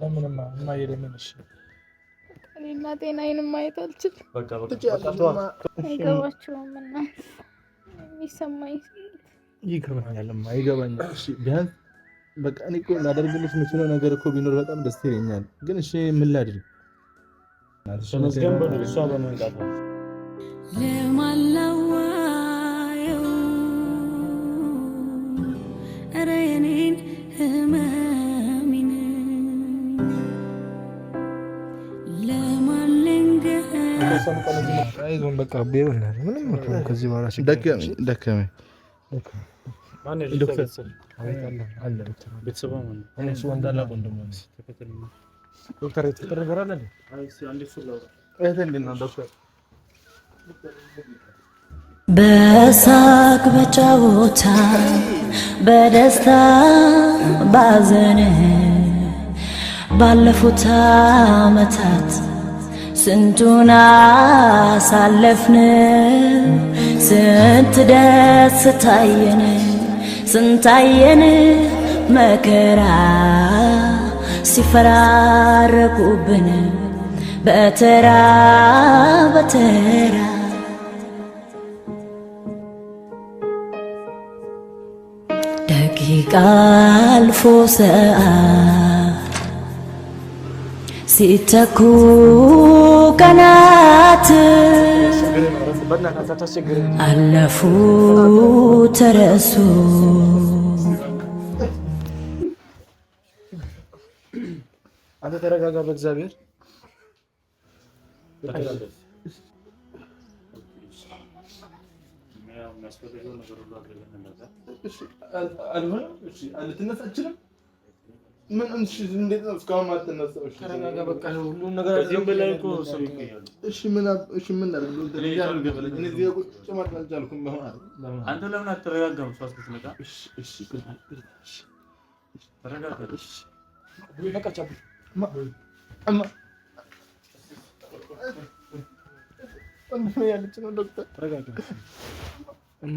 ለምንም እማዬ ለምን? እሺ እኔ እናቴን ማየት አልችልም። በቃ በቃ አይገባቸውም እና የሚሰማኝ ይገባኛል፣ ይገባኛል። እሺ ቢያንስ በቃ እኔ እኮ ላደርግልሽ የምችለው ነገር እኮ ቢኖር በጣም ደስ ይለኛል። ግን እሺ ምን ላድርግ? ተመስገን በእሷ በመንቃት ነው በሳቅ በጨዋታ በደስታ ባዘን ባለፉት አመታት ስንቱን አሳለፍን፣ ስንት ደስ ታየን፣ ስንታየን መከራ ሲፈራረቁብን በተራ በተራ ደቂቃ አልፎ ሰዓት ሲተኩ ቀናት አለፉ ተረሱ አንተ ተረጋጋ። በእግዚአብሔር አልሆነም። ምን እንዴት ነው እስካሁን ማትነሳው? እሺ ተረጋጋ፣ በቃ ሁሉም ነገር እዚህም በላይ እኮ ሰው ይገኛሉ። እሺ ምን እሺ ምን አደረግን? አንተ ለምን አትረጋጋም? እሷ እሺ እሺ ተረጋጋ። እሺ እማ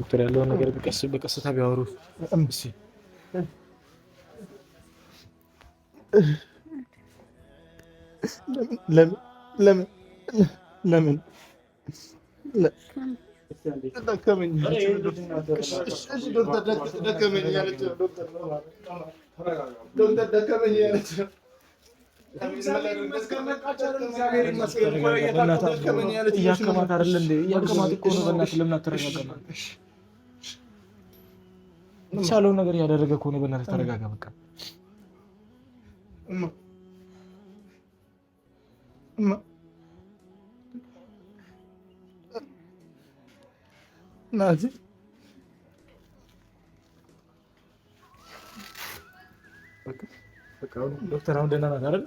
ዶክተር ያለውን ነገር በቀስታ ቢያወሩ ለምን እያከማት አይደለ? እያከማት እኮ ነው። በእናትህ ለምን አትረጋጋም? የተቻለውን ነገር ያደረገ ከሆነ በእናትህ ተረጋጋ። በቃ ናዚ ዶክተር አሁን ደህና ናት አይደል?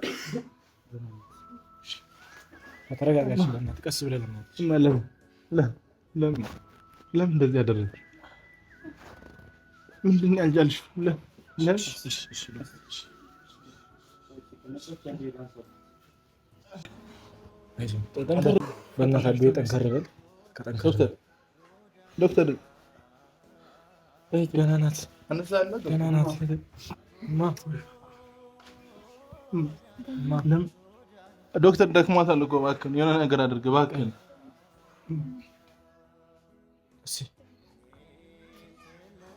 ተረጋጋሽ። ቀስ ብለህ ለምን ለምን ለምን እንደዚህ ያደረግሽ? ምንድን ነው ያልጃልሽ? በእናትህ ጠንከር በል። ዶክተር ገና ናት፣ ገና ናት። ዶክተር ደክሟታል እኮ እባክህን የሆነ ነገር አድርገህ እባክህን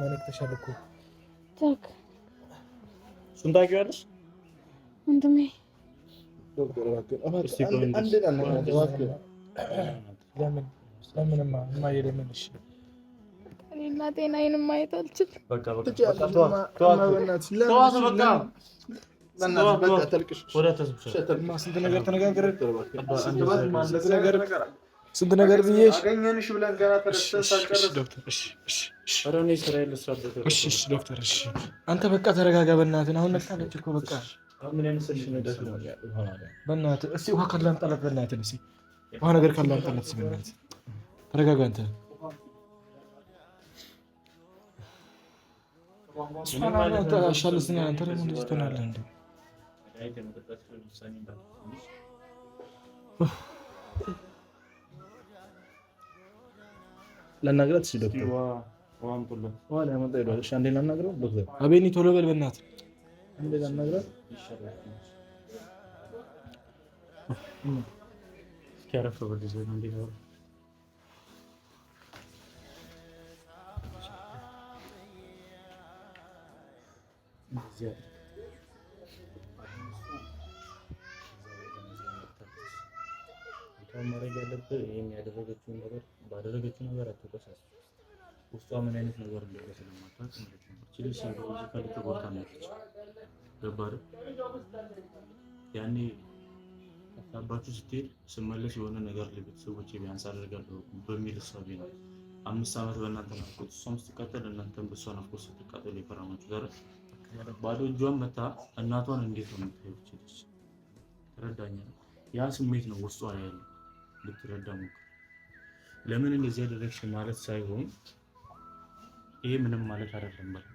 ማነቅተሻል እኮ ታክ እሱን ታውቂዋለሽ ወንድሜ እኔና ጤናዬን ማየት አልችልም። ስንት ነገር ተነጋግረን ስንት ነገር ብዬሽ አገኘንሽ ብለን ገና ተረስተን ሳልጨርስ ዶክተር፣ እሺ አንተ በቃ ተረጋጋ። በእናትህ አሁን ነቃለች እኮ በቃ በእናትህ እስኪ ውሃ ካላምጣላት፣ በእናትህ እስኪ ውሃ ነገር ካላምጣላት፣ በእናትህ ተረጋጋ። አንተ ለናግራት ሲዶ አንዴ ላናግራት አቤኒ ቶሎ በል በእናትህ አንዴ ላናግራት ማድረግ ያለብህ ይህም ያደረገችውን ነገር ያደረገችው ነገር አትወቀሳል። ውስጧ ምን አይነት ነገር እንደሆነ ስለማታውቅ ማለት ነው። እቺ ችል ሳይኮሎጂካል ተጎድታለች። ገባህ? ያኔ አባቱ ስትሄድ ስመለስ የሆነ ነገር ለቤተሰቦቼ ቢያንስ አደርጋለሁ በሚል እሳቤ ነው። አምስት ዓመት በእናንተ ናፍቆት እሷም ስትቃጠል እናንተም በእሷ ናፍቆት ስትቃጠል የከረማችሁ ጋር ባዶ እጇን መታ እናቷን እንዴት ነው የምታየው? ትረዳኛ ያ ስሜት ነው ውስጧ ያለው። ልትረዳ ሞክር ለምን እንደዚህ ያደረግሽ ማለት ሳይሆን ይሄ ምንም ማለት አይደለም ማለት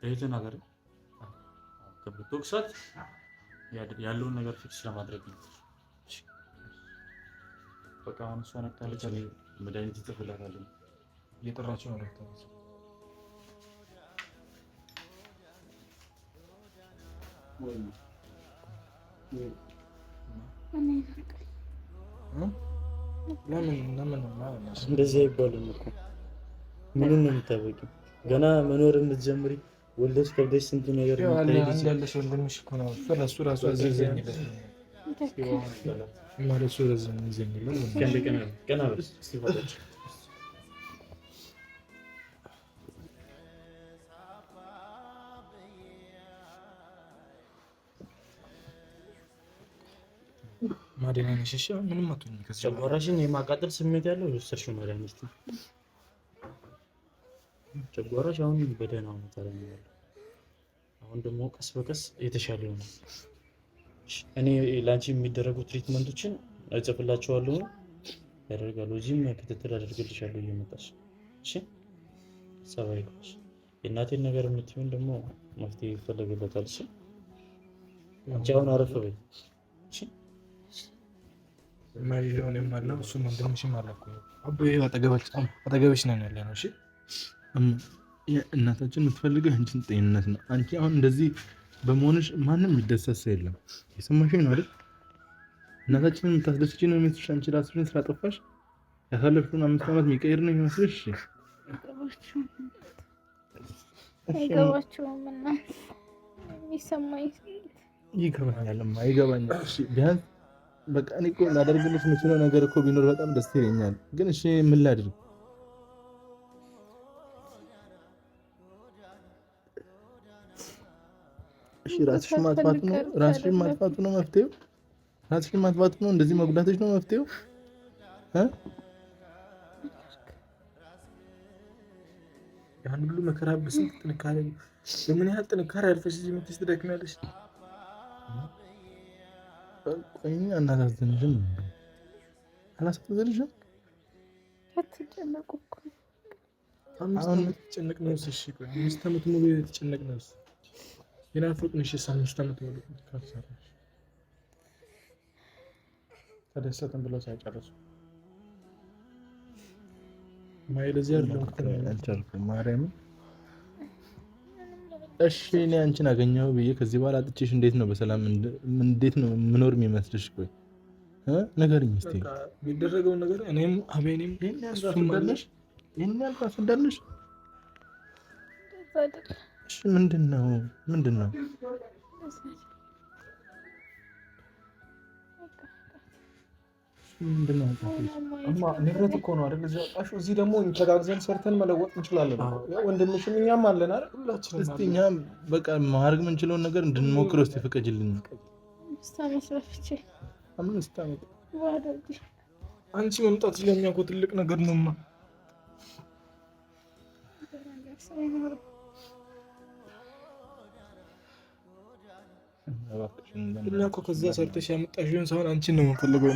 በየትን ሀገር ተወቅሳት ያለውን ነገር ፊክስ ለማድረግ ነው። በቃ አሁን እሷ ነቅታለች፣ መድኃኒት ይጽፍላታለሁ እየጠራቸው ነው ዶክተር ለምን ለምን እንደዚህ አይባልም እኮ ምንም ነው ገና መኖር የምትጀምሪ ወልደሽ ከብደሽ ስንት ነገር እንዳለሽ ወንድምሽ እኮ ነው እሱ ራሱ አዘዘኝ ደህና እሺ ምንም አትሆኝም። ጨጓራሽን የማቃጠል ስሜት ያለው የወሰድሽው መድኃኒት ነው። ጨጓራሽ አሁን በደህና አሁን ደግሞ ቀስ በቀስ የተሻለ እኔ ለአንቺ የሚደረጉ ትሪትመንቶችን እጽፍላችኋለሁ፣ ያደርጋሉ። እዚህም ክትትል አደርግልሻለሁ እየመጣሽ እሺ። የእናቴን ነገር የምትሆን ደግሞ መፍትሄ ይፈለግበታል። እሺ አንቺ አሁን አረፍ በይ። መሪዶንም አለው እሱ ወንድምሽም አለ አጠገበች ነን ያለ ነው። እናታችን የምትፈልገው አንቺን ጤንነት ነው። አንቺ አሁን እንደዚህ በመሆንሽ ማንም የሚደሰት የለም። የሰማሽኝ ነው አይደል? እናታችን የምታስደስች ነው የሚመስልሽ? አንቺ ራስሽን ጠፋሽ። ያሳለፍሽውን አምስት ዓመት የሚቀይር ነው የሚመስልሽ? ይገባኛል፣ ይገባኛል። ቢያንስ በቃ እኔ እኮ ላደርግልሽ የምችለው ነገር እኮ ቢኖር በጣም ደስ ይለኛል፣ ግን እሺ ምን ላድርግ? እሺ ራስሽን ማጥፋቱ ነው ራስሽን ማጥፋቱ ነው መፍትሄው? ራስሽን ማጥፋቱ ነው እንደዚህ መጉዳቶች ነው መፍትሄው? ያን ሁሉ መከራ በስንት ጥንካሬ በምን ያህል ጥንካሬ አልፈሽ እዚህ መጥተሽ ትደክሚያለሽ። ቆይኝ አናሳዝንሽም። አናሳዝንሽም። አትጨነቁ እኮ አምስት ዓመት የተጨነቅ ነው። እሺ ቆይ አምስት ዓመት ሙሉ የተጨነቅ ነው። የናፈቅንሽ አምስት ዓመት ሙሉ ካሰራሽ ተደሰትን ብለው ሳይጨርሱ ማይለዚያ ያለው ማርያምን እሺ እኔ አንቺን አገኘሁ ብዬ ከዚህ በኋላ አጥቼሽ እንዴት ነው በሰላም እንዴት ነው ምኖር የሚመስልሽ? ቆይ ንገሪኝ እስኪ የሚደረገውን ነገር እኔም አቤኔም እንዳለሽ ምንድን ነው ምንድን ነው ንብረት እኮ ነው አይደል? እዚህ ያወጣሽው። እዚህ ደግሞ ተጋግዘን ሰርተን መለወጥ እንችላለን። ወንድምሽም እኛም አለን አይደል? ሁላችንም እስቲ እኛም በቃ ማድረግ የምንችለውን ነገር እንድንሞክር ውስጥ ይፈቀጅልን። አንቺ መምጣት ስለኛ እኮ ትልቅ ነገር ነውማ እና እኮ ከዛ ሰርተሽ ያመጣሽውን ሰውን አንቺን ነው የምንፈልገው።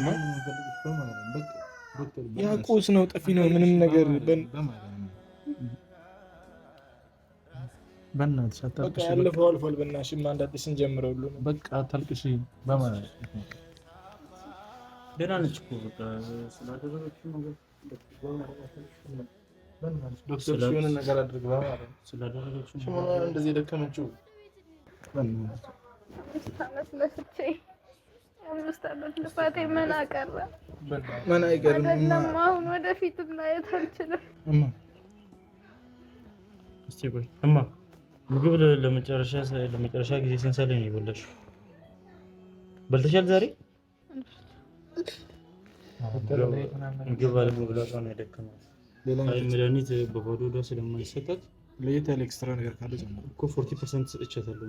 እና ያ ነው፣ ጠፊ ነው፣ ምንም ነገር ያለፈው አልፏል። በእናትሽማ አንድ አዲስ እንጀምረው። ሁሉ በቃ አታልቅሽ። ደህና ነች እኮ ዶክተር ነገር አድርግ። እንደዚህ የደከመችው አምስት አመት ለፍቼ አምስት ዓመት ልፋቴ ምን አቀረ? ምን አይቀርም። አይደለም አሁን ወደፊት ማየት አልችልም። እስቲ ቆይ እማ ምግብ ለመጨረሻ ለመጨረሻ ጊዜ ስንት ነው የበላሽው? በልተሻል ዛሬ? ምግብ አለመብላቷ ነው የደከመው። መድኃኒት በባዶ ስለማይሰጣት ለየት ያለ ኤክስትራ ነገር ካለ ፎርቲ ፐርሰንት ሰጥቻታለሁ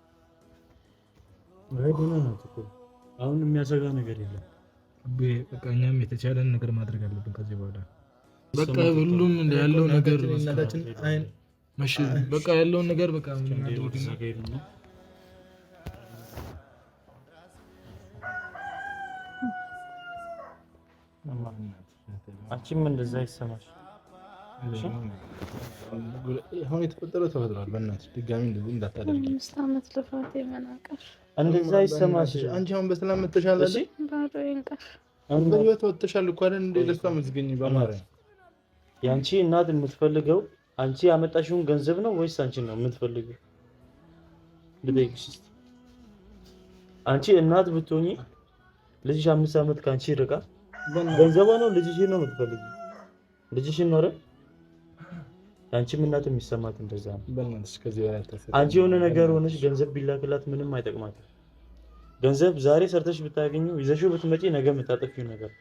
ደህና ናት እኮ አሁን የሚያሰጋ ነገር የለም። በቃ እኛም የተቻለን ነገር ማድረግ አለብን ከዚህ በኋላ በቃ ሁሉም ያለው ነገር በቃ ያለውን ነገር በቃ አንቺም እንደዛ ይሰማሽ። አሁን የተፈጠረ ተፈጥሯል። በእናትሽ ድጋሚ እንደዚህ እንዳታደርጊ አምስት አመት ልፋት የመናቀር እንደዛ ይሰማሽ። አንቺ አሁን በሰላም መተሻል አይደል? በህይወት ወጥተሻል እኮ አይደል? እንደ ደስታ መዝገኝ በማርያም የአንቺ እናት የምትፈልገው አንቺ ያመጣሽውን ገንዘብ ነው ወይስ አንቺ ነው የምትፈልገው? ልጠይቅሽ እስኪ። አንቺ እናት ብትሆኚ ልጅሽ አምስት ዓመት ከአንቺ ርቃ ገንዘቧ ነው ልጅሽ ነው የምትፈልገው? ልጅሽ ነው አይደል ያንቺም እናት የሚሰማት እንደዛ ነው። አንቺ የሆነ ነገር ሆነሽ ገንዘብ ቢላክላት ምንም አይጠቅማትም። ገንዘብ ዛሬ ሰርተሽ ብታገኙ ይዘሽው ብትመጪ ነገ የምታጠፊው ነገር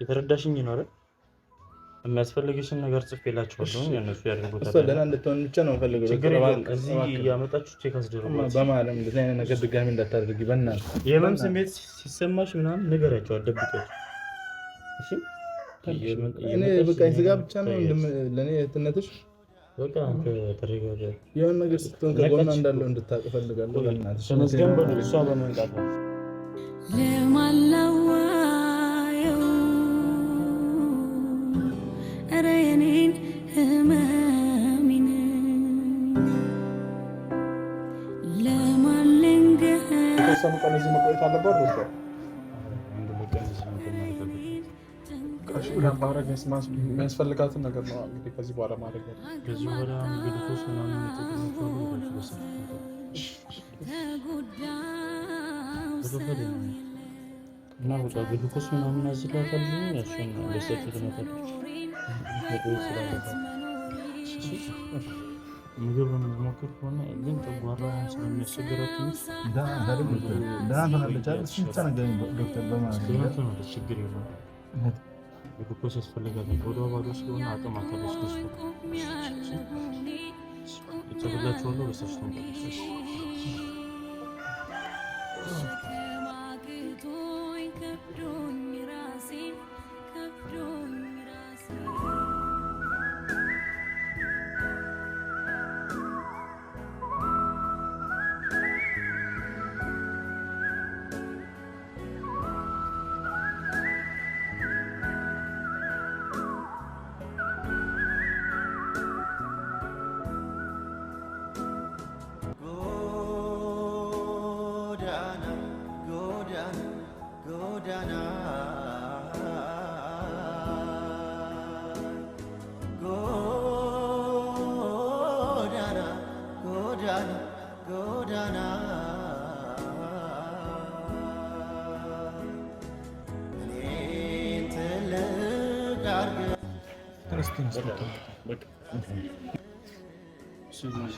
የተረዳሽኝ ነው አይደል? የሚያስፈልግሽን ነገር ጽፌላችኋለሁ። የእነሱ ያደርጉታል ብቻ ነው ፈልገው ቼክ በማለም እንደዚህ አይነት ነገር ድጋሚ እንዳታደርጊ ስሜት ሲሰማሽ ምናምን ንገሪያቸው፣ አትደብቂያቸው። እሺ እኔ በቃኝ ስጋ ብቻ ነው ለእኔ እህትነትሽ የሆነ ነገር ስትሆን ከጎና እንዳለው እንድታውቅ እፈልጋለሁ። ለማላዋየው ኧረ የኔን ህመሜን ለማን ልንገር ማድረግ የሚያስፈልጋትን ነገር ነው እንግዲህ ከዚህ በኋላ ማድረግ ነው። እና በቃ ምናምን አዝላታል ምግብ የምትሞክር ከሆነ ግን ጨጓራ ችግር የለም ግኮስ ያስፈልጋታል። ወደ ባዶ ስለሆነ አቅም አታለች። ከብዶኝ ራሴን ከብዶኝ ራሴን Bak. Sözünü